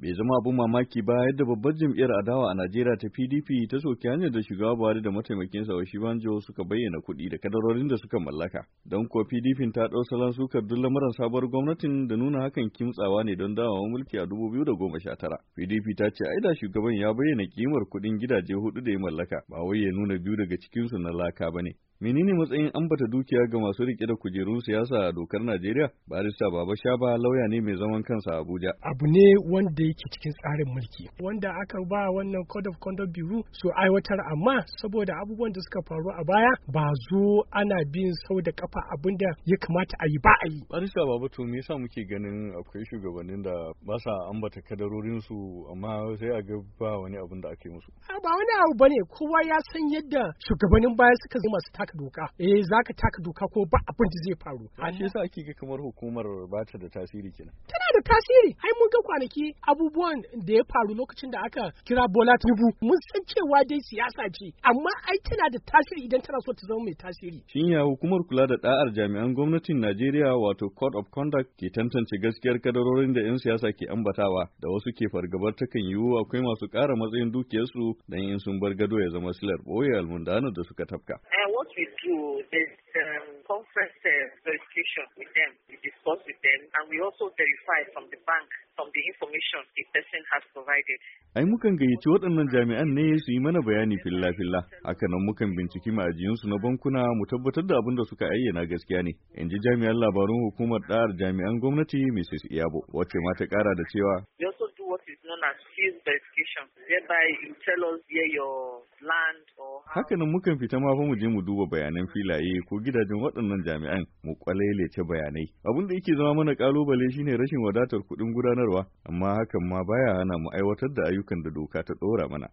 bai zama abin mamaki ba yadda babbar jam'iyyar adawa a Najeriya ta PDP ta soki hanyar da shugaba Buhari da mataimakin mataimakinsa Banjo suka bayyana kuɗi da kadarorin da suka mallaka. Don kuwa PDP ta ɗau salon sukar duk lamuran sabuwar gwamnatin da nuna hakan kimtsawa ne don dawowa mulki a 2019. PDP ta ce ai da shugaban ya bayyana kimar kuɗin gidaje hudu da ya mallaka ba wai ya nuna biyu daga cikinsu na laka ba ne. Menene matsayin ambata dukiya ga masu rike da kujerun siyasa a dokar Najeriya? Barista Baba Shaba lauya ne mai zaman kansa a Abuja. Abu ne wanda yake cikin tsarin mulki, wanda aka ba wannan Code of Conduct Bureau su aiwatar amma saboda abubuwan da suka faru a baya ba zo ana bin sau da kafa abin ya kamata a yi ba a yi. Barista Baba to me yasa muke ganin akwai shugabannin da ba sa ambata kadarorin su amma sai a ga ba wani abin da ake musu. Ba wani abu bane kowa ya san yadda shugabannin baya suka zama su taka doka eh zaka taka doka ko ba abin da zai faru. Shi yasa ake ga kamar hukumar ba ta da tasiri kenan. Tana da tasiri ai mun ga kwanaki abubuwan da ya faru lokacin da aka kira Bola Tinubu mun san cewa dai siyasa ce amma ai tana da tasiri idan tana so ta zama mai tasiri shin ya hukumar kula da da'ar jami'an gwamnatin Najeriya wato Code of Conduct ke tantance gaskiyar kadarorin da 'yan siyasa ke ambatawa da wasu ke fargabar takan yiwu akwai masu ƙara matsayin dukiyarsu dan in sun bar gado ya zama silar ɓoye almundanu da suka tafka. Eh, what um, discuss with them and we also verify from the bank from the information the person has provided. Ai mukan gayyaci waɗannan jami'an ne su yi mana bayani filla-filla, nan mukan binciki ma'ajiyunsu na bankuna mu tabbatar da abin da suka ayyana gaskiya ne, in ji jami'an labarun hukumar ɗar jami'an gwamnati Mrs. Iyabo, wacce ma ta ƙara da cewa. We also do what is known as field verification, whereby you tell us where your land Hakanan mukan fita ma fa mu je mu duba bayanan filaye ko gidajen waɗannan jami'an mu kwalailace bayanai. Abin da yake zama mana kalubale shine rashin wadatar kuɗin gudanarwa, amma hakan ma baya hana mu aiwatar da ayyukan da doka ta ɗora mana.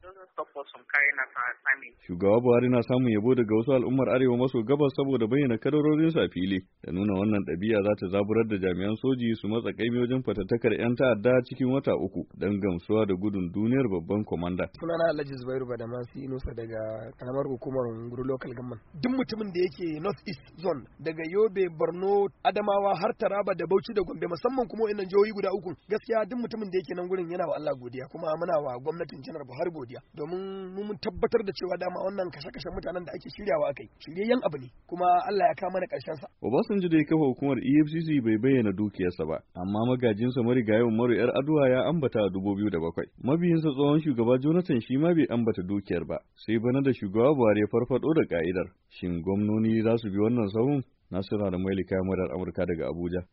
Shugaba Buhari na samun yabo daga wasu al'ummar Arewa maso gabas saboda bayyana kadarorin sa fili da nuna wannan ɗabi'a za ta zaburar da jami'an soji su matsa kaimi wajen fatattakar 'yan ta'adda cikin wata uku don gamsuwa da gudun duniyar babban komanda. Sunana Alhaji Zubairu Badamasi Inusa daga karamar hukumar Nguru Local Government. Duk mutumin da yake North East Zone daga Yobe, Borno, Adamawa har Taraba da Bauchi da Gombe musamman kuma wa'annan jihohi guda uku gaskiya duk mutumin da yake nan gurin yana wa Allah godiya kuma muna wa gwamnatin Janar Buhari godiya domin mun tabbatar da cewa cewa dama wannan kashe-kashe mutanen da ake shiryawa akai shiryayyen abu ne kuma Allah ya kawo mana karshen sa Obasanjo da ya kafa hukumar EFCC bai bayyana dukiyarsa ba amma magajinsa marigayi Umaru yar Aduwa ya ambata a bakwai. mabiyinsa tsohon shugaba Jonathan shi ma bai ambata dukiyar ba sai bana da shugaba Buhari ya farfado da ka'idar shin gwamnoni za su bi wannan sahun Nasiru da Mailika Murar Amurka daga Abuja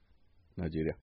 Najeriya